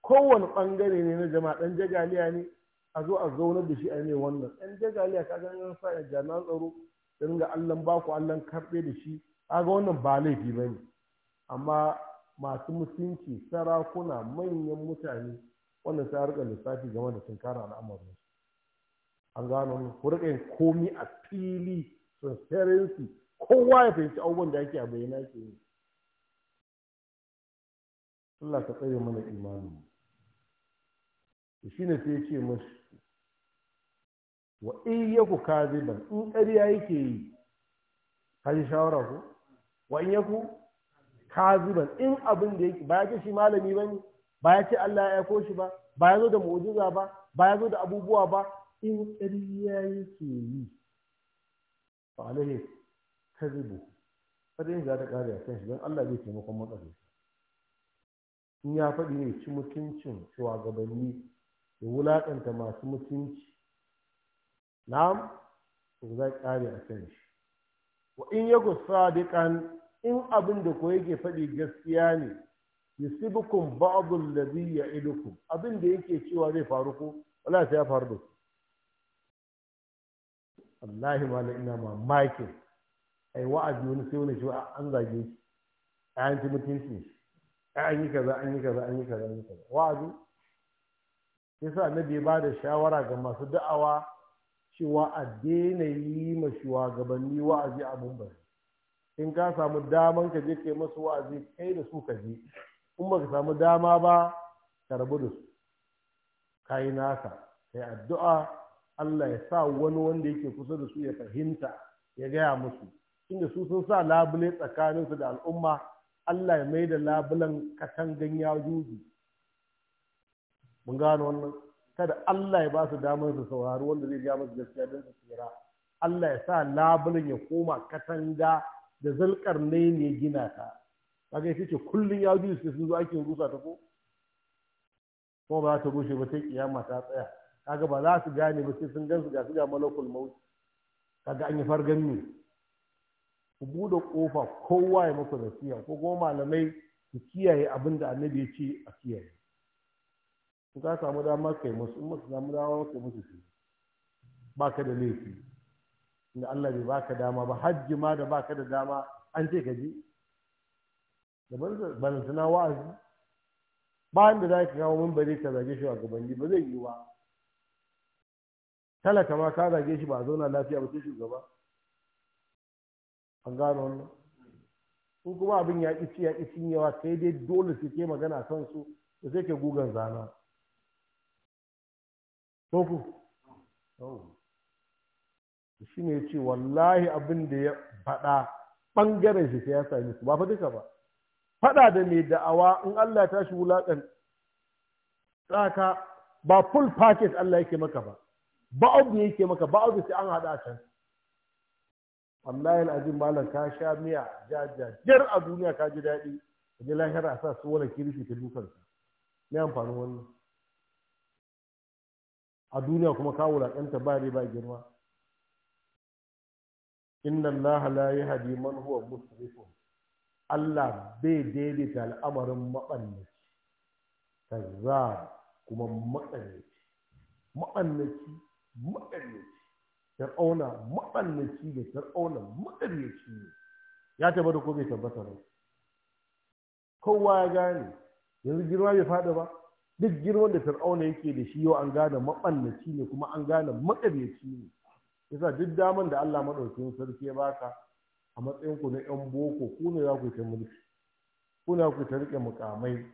kowane ɓangare ne na jama'a ɗan jagaliya ne a zo a zaunar da shi a mai wannan yan jagaliya ka ga yan sa jami'an tsaro da ringa allan baku allan karɓe da shi A ga wannan ba laifi ba ne amma masu mutunci sarakuna manyan mutane wanda sai harkar lissafi game da tunkara al'amarin an gano ku rika yin komi a fili transparency kowa ya fahimci abubuwan da ake a bayyana ke yi Allah ka tsare mana imanin shi ne sai ya ce mashi wa in ku kaziban in ƙarya yake yi ka shawara ku wa in ku kaziban in abin da yake ba ya ce shi malami ba ne ba ya ce Allah ya aiko shi ba ba ya zo da mu'jiza ba ba ya zo da abubuwa ba in ƙarya yake yi fa alaihi kazibu in za ta kare a kan shi don Allah zai taimakon matsalolin in ya faɗi ne ci mutuncin shugabanni da wulaƙanta masu mutunci na'am to zai kare a kan shi wa in yaku sadiqan in abin da ko yake faɗi gaskiya ne yusibukum ba'dhu alladhi ya'idukum abin da yake cewa zai faru ko wala sai ya faru da ku wallahi ma ina mamakin ai wa'azi wani sai wani shi an zage shi an ci mutunci shi an yi kaza an yi kaza an yi kaza an yi kaza sa yasa annabi ya bada shawara ga masu da'awa cewa a yi ma shugabanni wa'azi a mumbai in ka samu daman ka je ka yi masu wa'azi kai da su ka je in baka samu dama ba ka rabu da su ka yi naka kai addu'a Allah ya sa wani wanda yake kusa da su ya fahimta ya gaya musu inda su sun sa labule tsakaninsu da al'umma Allah ya mai da labulan katangan ya juji mun gano wannan kada Allah ya ba su damar su saurari wanda zai ja musu gaskiya don su tsira Allah ya sa labulin ya koma katanga da zulkar ne ne gina ta kaga yace ce kullun ya ji su sun zo ake rusa ta ko ko ba ta rushe ba sai kiyama ta tsaya kaga ba za su gane ba sai sun gansu ga su ga malakul maut kaga an yi fargan ne ku bude kofa kowa ya muku nasiha ko goma malamai ku kiyaye abin da annabi ya ce a kiyaye in ka samu dama kai musu in musu samu damar kai musu su ba ka da laifi inda Allah bai baka dama ba hajji ma da baka da dama an ce ka ji da ban suna wa'azi ba inda za ka kawo mambari ka zage shi a gabanni ba zai yi ba talaka ma ka zage shi ba a zauna lafiya ba sai shugaba an gano wannan in kuma abin ya ƙi ya ƙi yawa, sai dai dole su ke magana kan su da sai ke gugan zana Tofu? Oh. shi ne ce wallahi abin da ya faɗa ɓangaren shi ya sami su ba fa duka ba faɗa da mai da'awa in Allah ta shi wulaƙan tsaka ba full package Allah yake maka ba abu yake maka abu sai an haɗa can wallahi al'azim malam ka sha miya jar a duniya ka ji daɗi ka lahira a sa su wani kirishi ta dukansa me amfanin wannan a duniya kuma ka wulaƙanta ba ba girma inna allaha la yahdi man huwa musrifun Allah bai daidaita al'amarin maɓannaci kaza kuma maɓannaci maɓannaci maɓannaci auna maɓannaci da auna maɓannaci ne ya da ko bai tabbata ba kowa ya gane yanzu girma bai faɗi ba duk girman da fir'auna yake da shi yau an gane maɓannaci ne kuma an gane maƙaryaci ne yasa duk daman da Allah maɗaukin sarki ya baka a matsayin ku na yan boko ku ne za ku ta mulki ku ne za ku ta riƙe mukamai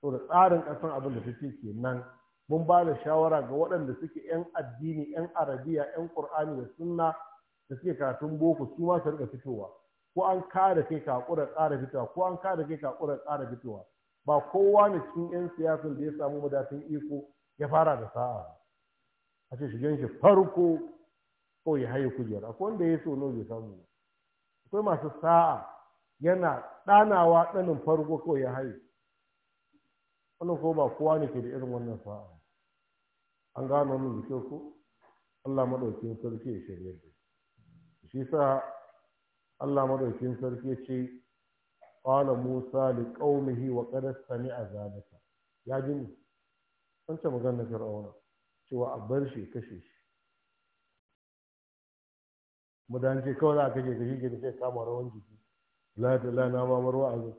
saboda tsarin ƙasan abin da take nan, mun ba da shawara ga waɗanda suke yan addini yan arabiya yan qur'ani da sunna da suke karatun boko su ma su riƙa fitowa ko an kada kai ka ƙura ƙara fitowa ko an kada kai ka ƙura ƙara fitowa ba kowa ne cikin 'yan siyasan da ya samu madafin iko ya fara da sa'a a ce shigen shi farko ko ya haye kujera akwai wanda ya so bai samu akwai masu sa'a yana ɗanawa ɗanin farko ko ya haye wannan ko ba kowa ne ke da irin wannan sa'a an gano min da kyau ko Allah maɗaukin sarki ya shirya da shi sa Allah maɗaukin sarki ya ce qala musa da ƙaunahi wa qad a zalika ya ji ne an ce maganar fir'auna cewa a bar shi kashe shi ce kawai za a kashe kashe gidi sai kama rawan jiki la da la na mamar wa'azi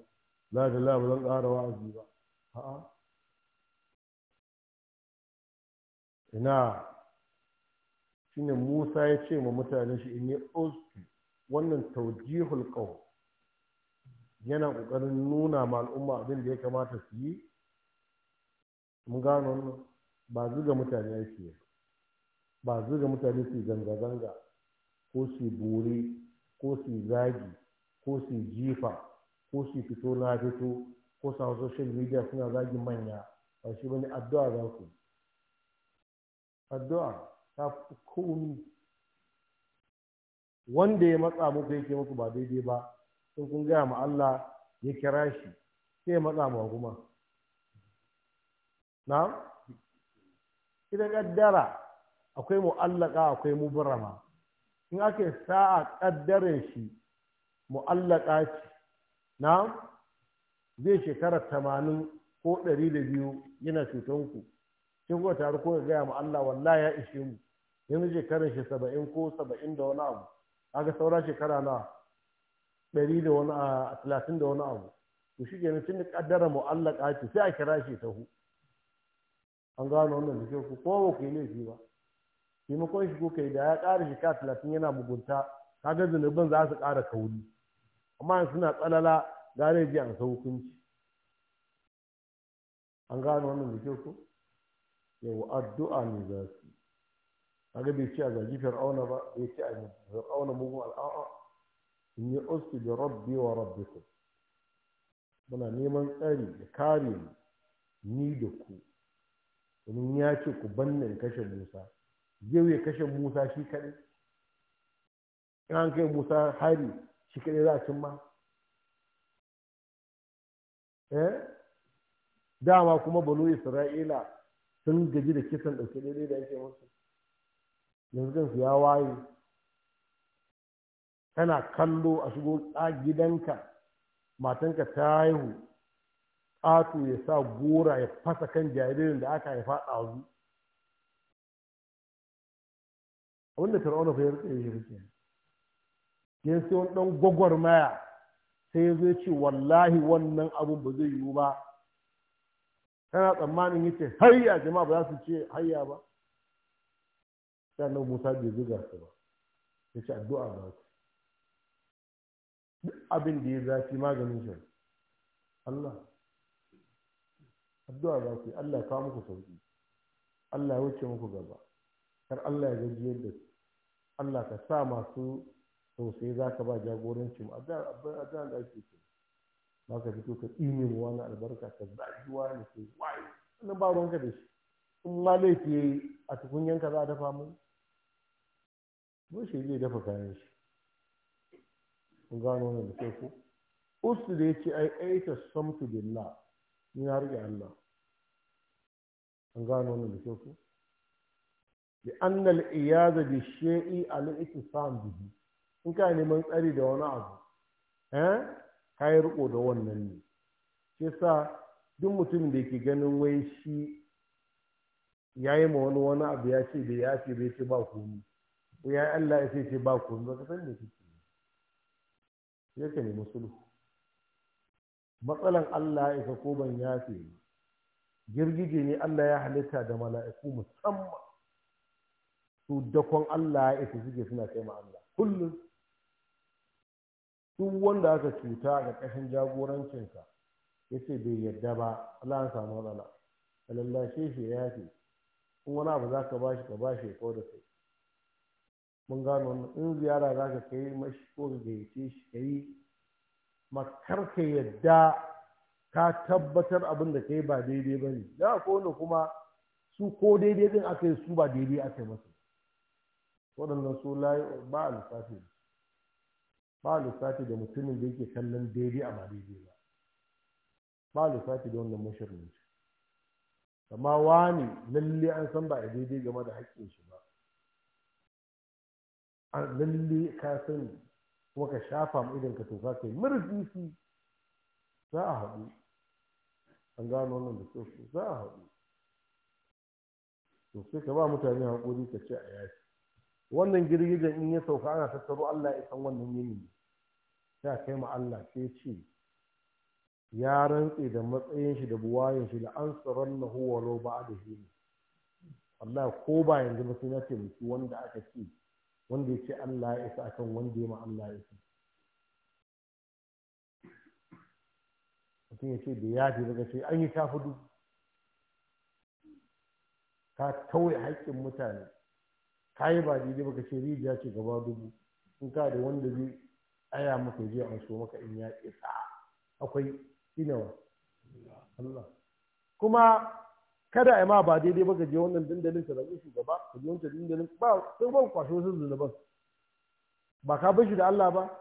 la da la ba zan ƙara wa'azi ba a'a ina shine Musa ya ce ma mutanen shi in yi ustu wannan taujihul qaum yana ƙoƙarin nuna ma al'umma abin da ya kamata su yi mun gano ba zuga mutane ba zuga mutane su zanga-zanga ko su bore ko su zagi ko su jifa ko su fito na fito ko su hau social media suna zagi manya ba shi bane addu'a za su. addu'a ta komi wanda ya matsa muku yake muku ba daidai ba sun kun gaya ma Allah ya kira shi sai matsa ma kuma na idan kaddara akwai mu'allaka akwai mubarama in ake sa'a kaddarin shi mu'allaka ce na zai shekara tamanin ko ɗari da biyu yana ku kin kuma tare ko gaya ma Allah wallahi ya ishe mu yanzu shekarar shi saba'in ko saba'in da wani abu kaga saura shekara nawa. ɗari da wani a talatin da wani abu to shi kenan tun da ƙaddara mu'allaka ce sai a kira shi ta hu an gano wannan da kyau ko ba ku yi laifi ba taimakon shi ko kai da ya ƙara shi ka talatin yana mugunta kaga zunuban za su ƙara kauri amma suna tsalala gane ji an sa hukunci an gano wannan da kyau ko yau addu'a ne za su kaga bai ci a zagi fir'auna ba bai ci a fir'auna mugun al'a'a in yi ustu da rabbi wa rabbikum muna neman tsari da kare mu ni da ku domin ya ce ku banna in kashe musa yau ya kashe musa shi kaɗai in an kai musa hari shi kaɗai za a cimma eh dama kuma Balo isra'ila sun gaji da kisan ɗauke daidai da ake musu yanzu kansu ya waye kana kallo a shigo gidanka matanka ta haihu ƙato ya sa gora ya fasa kan jaririn da aka haifa ɗazu abinda fir'auna fa ya rike shi rike ya sai wani ɗan gwagwarmaya sai ya zo ce wallahi wannan abun ba zai yiwu ba kana tsammanin yace hayya jama'a ba za su ce hayya ba sai annabi Musa bai zuga su ba yace addu'a ba su duk abin da ya zafi maganin shi Allah addu'a za ku Allah ya kawo muku sauki Allah ya wuce muku gaba kar Allah ya gajiyar da su Allah ka sa masu tausayi za ka ba jagorancin addu'a da ake ce ba ka fito ka tsine mu wani albarka ka zafi wani sai waye wannan ba ruwanka da shi in ma laifi yayi a tukunyanka za a dafa mu ko zai dafa kayan shi kun gano wannan da kai ku usu da yace ai aita samtu billah ni na rike Allah kun gano wannan da kai ku bi annal iyaza bi shay'i al ittisam bihi in ka neman tsari da wani abu eh kai riko da wannan ne shi sa duk mutum da ke ganin wai shi ya yi ma wani wani abu ya ce da ya ce bai ce ba komi ko ya yi Allah ya ce ce ba komi ba ka san da kike yake ne musulu matsalan Allah ya isa ko ban yafe girgije ne Allah ya halitta da mala'iku musamman su dakon Allah ya isa suke suna kai ma Allah kullum su wanda aka cuta ga ƙarƙashin jagorancinka ya ce bai yarda ba Allah ya samu matsala alallashe shi ya yafe in wani abu za ka bashi ka bashi ya kawo da kai mun gano wannan in ziyara za ka kai mashi ko ka gayyace shi ka yi makar ka yadda ka tabbatar abin da ka yi ba daidai ba ne da ko wanda kuma su ko daidai din aka yi su ba daidai aka yi masa waɗannan su layi ba a lissafi ba a lissafi da mutumin da yake kallon daidai a ba daidai ba ba a lissafi da wannan mashirin amma wani lalle an san ba a daidai game da haƙƙin shi ba lalle ka sani kuma ka shafa mu idan ka tofa kai murfifi za a haɗu an gano wannan da kyau za a haɗu to sai ka ba mutane haƙuri ka ce a yashi? wannan girgijen in ya sauka ana tattaro Allah ya san wannan yini sai a kai ma Allah sai ce ya rantse da matsayin shi da buwayen shi da an tsaron na huwa ba da shi Allah ko ba yanzu ba sai na taimaki wanda aka ce wanda ya ce Allah ya isa akan wanda ya ma Allah ya isa mutum ya ce da ya fi daga ce an yi ta fudu ka tauye haƙƙin mutane ka yi ba daidai baka ce rijiya ce gaba dubu in ka da wanda zai aya maka je an so maka in ya isa akwai inawa Allah kuma kada a ma ba daidai ba gaje wannan dandalin ka zaɓi shugaba ka je wancan dandalin ba sai ban kwaso sun zunuban ba ka bashi da Allah ba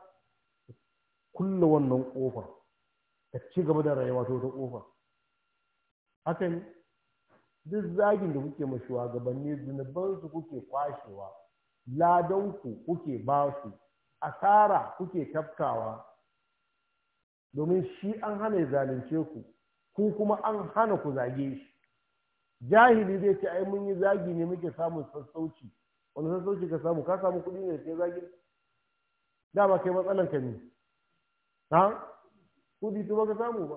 kulle wannan kofar ka ci gaba da rayuwa ta wata kofa Hakan duk zagin da kuke ma gabanni zunuban su kuke kwashewa ladan ku kuke ba su asara kuke tafkawa domin shi an hana ya zalunce ku ku kuma an hana ku zage shi jahili zai ce ai mun yi zagi ne muke samun sassauci wani sassauci ka samu ka samu kuɗi ne da ke zagi dama kai matsalan ka ne ha kuɗi to ka samu ba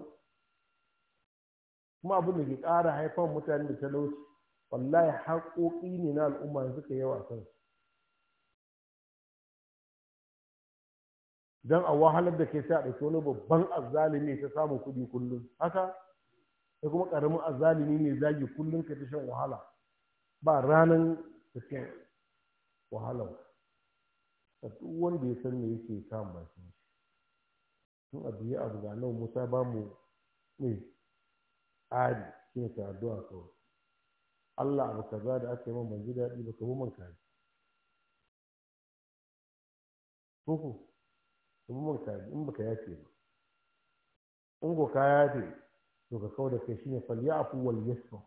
kuma abin da ke ƙara haifan mutane da talauci wallahi haƙoƙi ne na al'umma da suka yawa kan don a wahalar da ke sa a ɗauki wani babban azzalumi ta samun kuɗi kullum haka sai kuma ƙaramin azalimi mai zagi kullum ka ta shan wahala ba ranar ta shan wahala a duk wanda ya san me yake kan bakin shi tun abu ya abu ga nan musa ba mu mai ari shi ne ka addu'a kawai Allah abu kaza da aka yi man ban ji daɗi ba ka man kaji ku ka man kaji in baka yafe ba in ko ka yafe to ka kau da kai shine falyafu wal yasfu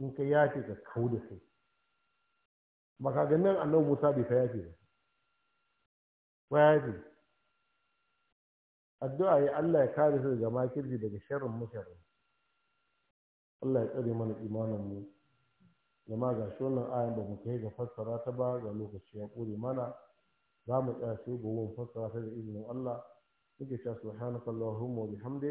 in ka yafe ka kau da kai makaganin annabi Musa bai ka yafe ba ba yafe addu'a ya Allah ya kare su daga makirci daga sharrin musharrin Allah ya tsare mana imanin mu jama'a ga shi wannan ayan ba mu kai ga fassara ta ba ga lokaci ya kore mana za mu tsaya sai gobe mu fassara ta da izinin Allah muke cewa subhanakallahumma wa hamde.